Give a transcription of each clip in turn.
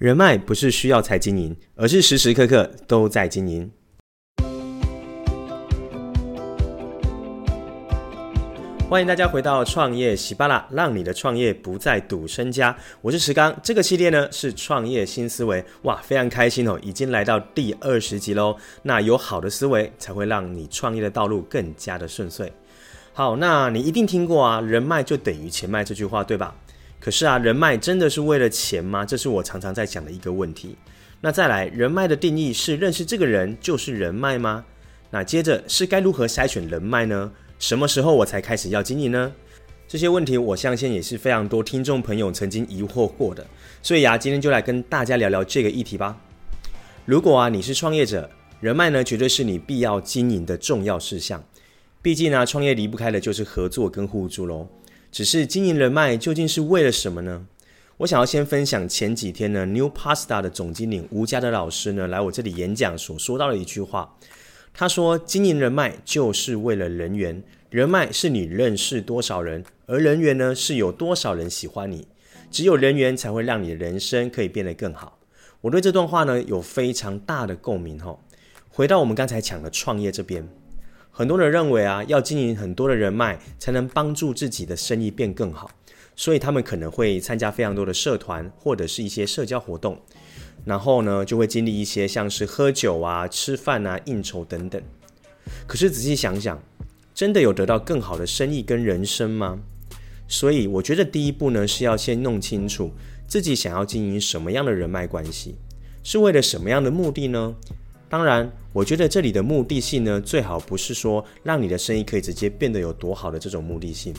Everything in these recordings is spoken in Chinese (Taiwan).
人脈不是需要才經營，而是時時刻刻都在經營。歡迎大家回到創業喜巴拉，讓你的創業不再賭身家。我是石剛，這個系列呢是創業心思維。哇，非常開心哦，已經來到第二十集嘍。那有好的思維，才會讓你創業的道路更加的順遂。好，那你一定聽過啊，“人脈就等於錢脈”這句話，對吧？可是啊，人脈真的是為了錢嗎？這是我常常在講的一個問題。那再來，人脈的定義是認識這個人就是人脈嗎？那接着是該如何篩選人脈呢？什麼時候我才開始要經營呢？這些問題我相信也是非常多聽眾朋友曾經疑惑過的。所以呀，今天就來跟大家聊聊這個議題吧。如果啊你是創業者，人脈呢絕對是你必要經營的重要事項。畢竟呢，創業離不開的就是合作跟互助嘍。只是經營人脈究竟是為了什麼呢？我想要先分享前幾天呢，New Pasta 的總經理吳家德老師呢來我這裡演講所說到的一句話。他說，經營人脈就是為了人緣，人脈是你認識多少人，而人緣呢是有多少人喜歡你。只有人緣才會讓你的人生可以變得更好。我對這段話呢有非常大的共鳴哈、哦。回到我們剛才講的創業這邊。很多人認為啊，要經營很多的人脈，才能幫助自己的生意變更好，所以他們可能會參加非常多的社團或者是一些社交活動，然後呢，就會經歷一些像是喝酒啊、吃飯啊、應酬等等。可是仔細想想，真的有得到更好的生意跟人生嗎？所以我覺得第一步呢，是要先弄清楚自己想要經營什麼樣的人脈關係，是為了什麼樣的目的呢？當然，我覺得這裡的目的性呢，最好不是說讓你的生意可以直接變得有多好的這種目的性，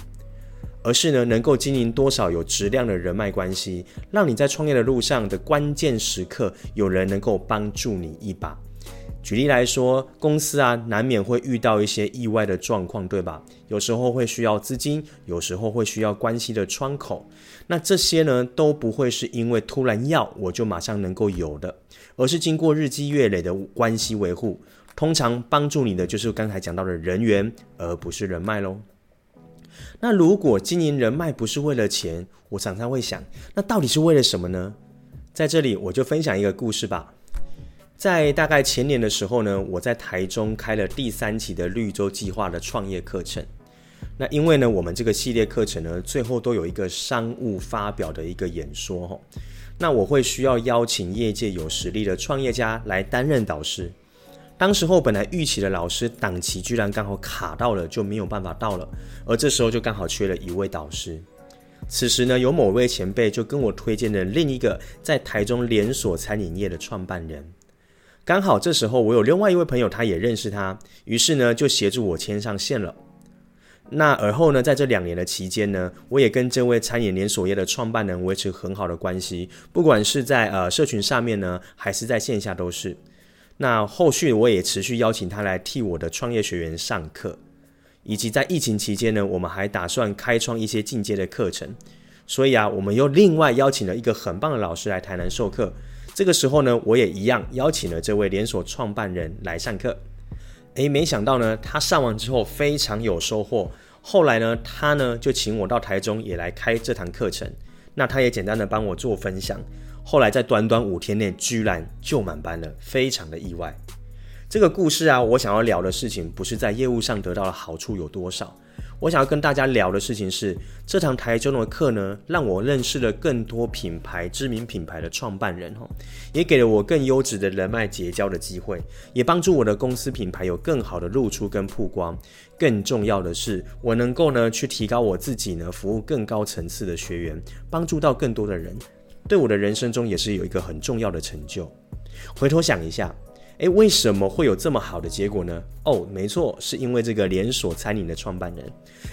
而是呢，能夠經營多少有質量的人脈關係，讓你在創業的路上的關鍵時刻，有人能夠幫助你一把。舉例來說，公司啊難免會遇到一些意外的狀況，對吧？有時候會需要資金，有時候會需要關係的窗口。那這些呢，都不會是因為突然要我就馬上能夠有的，而是經過日積月累的關係維護。通常幫助你的就是剛才講到的人緣，而不是人脈嘍。那如果經營人脈不是為了錢，我常常會想，那到底是為了什麼呢？在這裡我就分享一個故事吧。在大概前年的時候呢，我在台中開了第三期的綠洲計劃的創業課程。那因為呢，我們這個系列課程呢，最後都有一個商務發表的一個演說哈。那我會需要邀請業界有實力的創業家來擔任導師。當時候本來預期的老師檔期居然剛好卡到了，就沒有辦法到了。而這時候就剛好缺了一位導師。此時呢，有某位前輩就跟我推薦了另一個在台中連鎖餐飲業的創辦人。剛好這時候，我有另外一位朋友，他也認識他，於是呢就協助我牽上線了。那而後呢，在這兩年的期間呢，我也跟這位餐飲連鎖業的創辦人維持很好的關係，不管是在呃社群上面呢，還是在線下都是。那後續我也持續邀請他來替我的創業學員上課，以及在疫情期間呢，我們還打算開創一些進階的課程。所以啊，我們又另外邀請了一個很棒的老師來台南授課。這個時候呢，我也一樣邀請了這位連鎖創辦人來上課。誒，沒想到呢，他上完之後非常有收穫。後來呢，他呢就請我到台中也來開這堂課程。那他也簡單的幫我做分享。後來在短短五天內，居然就滿班了，非常的意外。這個故事啊，我想要聊的事情不是在業務上得到的好處有多少。我想要跟大家聊的事情是，這堂台中的課呢，讓我認識了更多品牌、知名品牌的創辦人，哈，也給了我更優質的人脈結交的機會，也幫助我的公司品牌有更好的露出跟曝光。更重要的是，我能夠呢去提高我自己呢，服務更高層次的學員，幫助到更多的人，對我的人生中也是有一個很重要的成就。回頭想一下。誒，為什麼會有這麼好的結果呢？哦，沒錯，是因為這個連鎖餐飲的創辦人。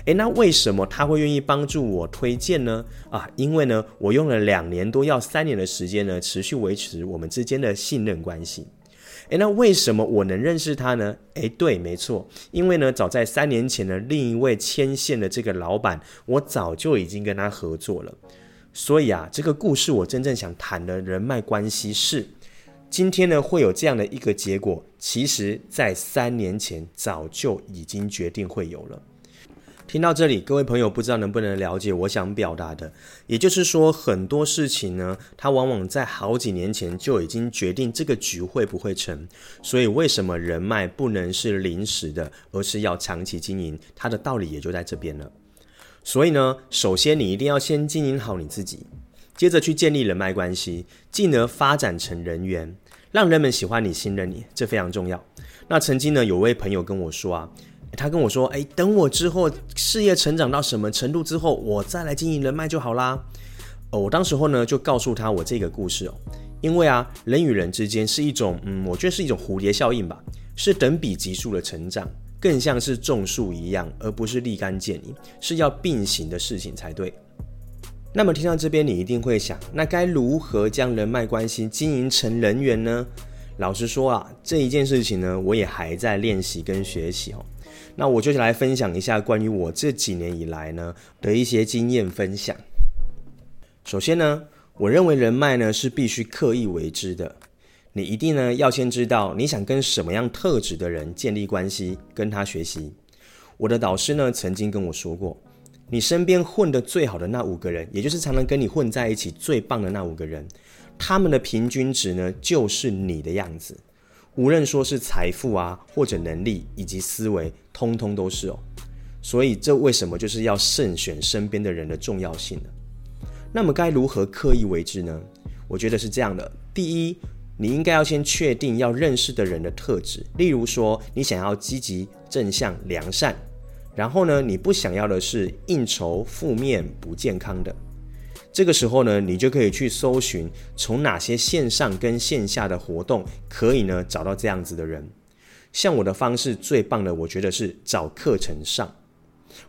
誒，那為什麼他會願意幫助我推薦呢？啊，因為呢，我用了兩年多，要三年的時間呢，持續維持我們之間的信任關係。誒，那為什麼我能認識他呢？誒，對，沒錯，因為呢，早在三年前呢，另一位牽線的這個老闆，我早就已經跟他合作了。所以啊，這個故事我真正想談的人脈關係是。今天呢會有這樣的一個結果，其實，在三年前早就已經決定會有了。聽到這裡，各位朋友不知道能不能了解我想表達的，也就是說，很多事情呢，它往往在好幾年前就已經決定這個局會不會成。所以，為什麼人脈不能是臨時的，而是要長期經營？它的道理也就在這邊了。所以呢，首先你一定要先經營好你自己。接着去建立人脈關係，進而發展成人緣，讓人們喜歡你、信任你，這非常重要。那曾經呢，有位朋友跟我說啊，他跟我說：“哎、欸，等我之後事業成長到什麼程度之後，我再來經營人脈就好啦。”哦，我當時候呢就告訴他我這個故事哦，因為啊，人與人之間是一種，嗯，我覺得是一種蝴蝶效應吧，是等比級數的成長，更像是種樹一樣，而不是立竿見影，是要並行的事情才對。那麼聽到這邊，你一定會想，那該如何將人脈關係經營成人緣呢？老實說啊，這一件事情呢，我也還在練習跟學習哦。那我就來分享一下關於我這幾年以來呢的一些經驗分享。首先呢，我認為人脈呢是必須刻意為之的。你一定呢要先知道你想跟什麼樣特質的人建立關係，跟他學習。我的導師呢曾經跟我說過。你身邊混得最好的那五個人，也就是常常跟你混在一起最棒的那五個人，他們的平均值呢，就是你的樣子。無論說是財富啊，或者能力以及思維，通通都是哦。所以這為什麼就是要慎選身邊的人的重要性呢？那麼該如何刻意為之呢？我覺得是這樣的：第一，你應該要先確定要認識的人的特質，例如說，你想要積極、正向、良善。然後呢，你不想要的是應酬、負面、不健康的。這個時候呢，你就可以去搜尋從哪些線上跟線下的活動可以呢找到這樣子的人。像我的方式最棒的，我覺得是找課程上。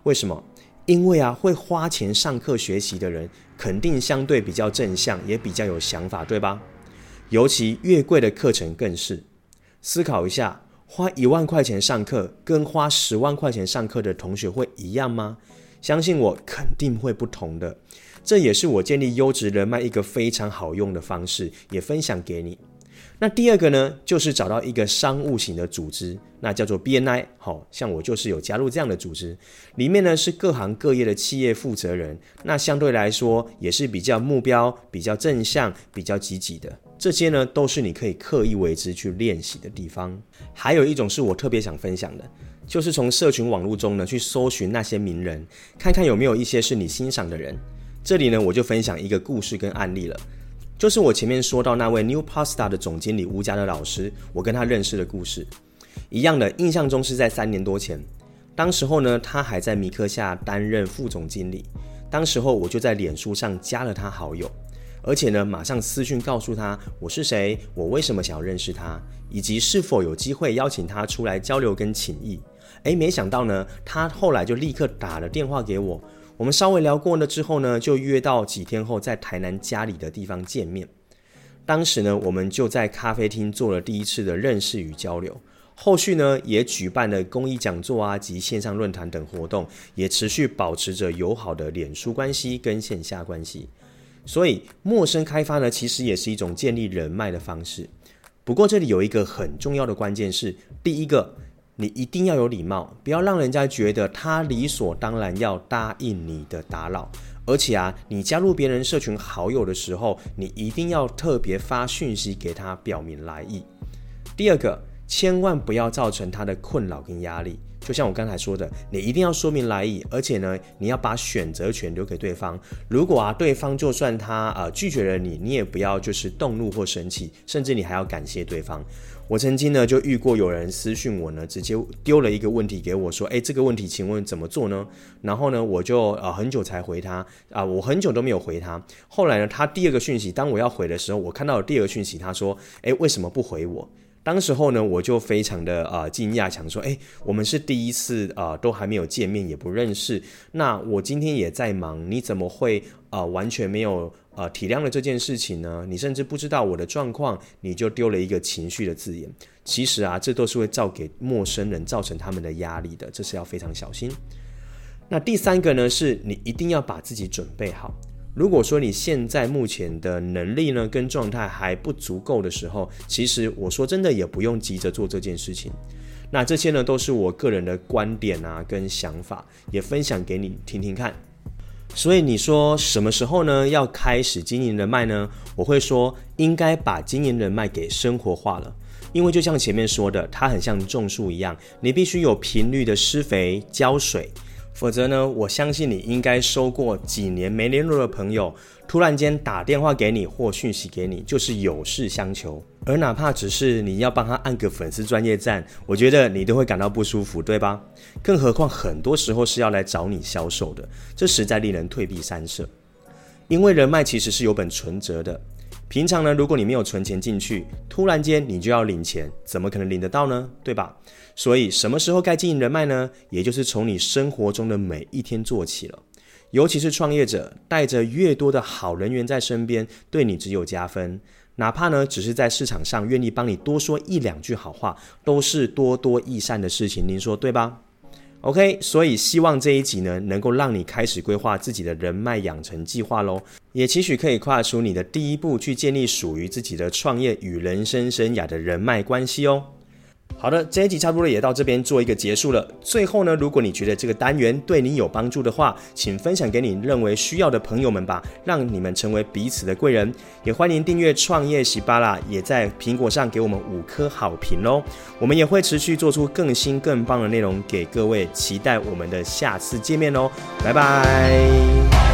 為什麼？因為啊，會花錢上課學習的人，肯定相對比較正向，也比較有想法，對吧？尤其越貴的課程更是。思考一下。花一萬塊錢上課，跟花十萬塊錢上課的同學會一樣嗎？相信我，肯定會不同的。這也是我建立優質人脈一個非常好用的方式，也分享給你。那第二個呢，就是找到一個商務型的組織，那叫做 BNI，好、哦、像我就是有加入這樣的組織，裡面呢是各行各業的企業負責人，那相對來說也是比較目標、比較正向、比較積極的。這些呢都是你可以刻意為之去練習的地方。還有一種是我特別想分享的，就是從社群網絡中呢去搜尋那些名人，看看有沒有一些是你欣賞的人。這裡呢我就分享一個故事跟案例了。就是我前面說到那位 New Pasta 的總經理吳家德老師，我跟他認識的故事，一樣的印象中是在三年多前，當時候呢他還在米克夏擔任副總經理，當時候我就在臉書上加了他好友，而且呢馬上私訊告訴他我是誰，我為什麼想要認識他，以及是否有機會邀請他出來交流跟請益。誒，沒想到呢他後來就立刻打了電話給我。我們稍微聊過了之後呢，就約到幾天後在台南家裡的地方見面。當時呢，我們就在咖啡廳做了第一次的認識與交流。後續呢，也舉辦了公益講座啊及線上論壇等活動，也持續保持着友好的臉書關係跟線下關係。所以，陌生開發呢，其實也是一種建立人脈的方式。不過，這裡有一個很重要的關鍵是，是第一個。你一定要有禮貌，不要讓人家覺得他理所當然要答應你的打擾。而且啊，你加入別人社群好友的時候，你一定要特別發訊息給他表明來意。第二個，千萬不要造成他的困擾跟壓力。就像我剛才說的，你一定要說明來意，而且呢，你要把選擇權留給對方。如果啊，對方就算他呃拒絕了你，你也不要就是動怒或生氣，甚至你還要感謝對方。我曾經呢就遇過有人私訊我呢，直接丟了一個問題給我說，哎，這個問題請問怎麼做呢？然後呢，我就呃很久才回他啊，呃，我很久都沒有回他。後來呢，他第二個訊息，當我要回的時候，我看到了第二個訊息，他說，哎，為什麼不回我？當時候呢，我就非常的呃驚訝，想說，哎，我們是第一次呃都還沒有見面，也不認識。那我今天也在忙，你怎麼會呃完全沒有呃體諒了這件事情呢？你甚至不知道我的狀況，你就丟了一個情緒的字眼。其實啊，這都是會造給陌生人造成他們的壓力的，這是要非常小心。那第三個呢，是你一定要把自己準備好。如果說你現在目前的能力呢，跟狀態還不足夠的時候，其實我說真的也不用急着做這件事情。那這些呢都是我個人的觀點啊跟想法，也分享給你聽聽看。所以你說什麼時候呢要開始經營人脈呢？我會說應該把經營人脈給生活化了，因為就像前面說的，它很像種樹一樣，你必須有頻率的施肥澆水。否則呢？我相信你應該收過幾年沒聯絡的朋友，突然間打電話給你或訊息給你，就是有事相求。而哪怕只是你要幫他按個粉絲專頁讚，我覺得你都會感到不舒服，對吧？更何況很多時候是要來找你銷售的，這實在令人退避三舍。因為人脈其實是有本存折的。平常呢，如果你沒有存錢進去，突然間你就要領錢，怎麼可能領得到呢？對吧？所以什麼時候該經營人脈呢？也就是從你生活中的每一天做起了，尤其是創業者，帶着越多的好人緣在身邊，對你只有加分。哪怕呢，只是在市場上願意幫你多說一兩句好話，都是多多益善的事情。您說對吧？OK，所以希望這一集呢，能夠讓你開始規劃自己的人脈養成計劃嘍，也期許可以跨出你的第一步，去建立屬於自己的創業與人生生涯的人脈關係哦。好的，這一集差不多也到這邊做一個結束了。最後呢，如果你覺得這個單元對你有幫助的話，請分享給你認為需要的朋友們吧，讓你們成為彼此的貴人。也歡迎訂閱創業喜巴拉，也在蘋果上給我們五顆好評哦，我們也會持續做出更新更棒的內容給各位，期待我們的下次見面哦，拜拜。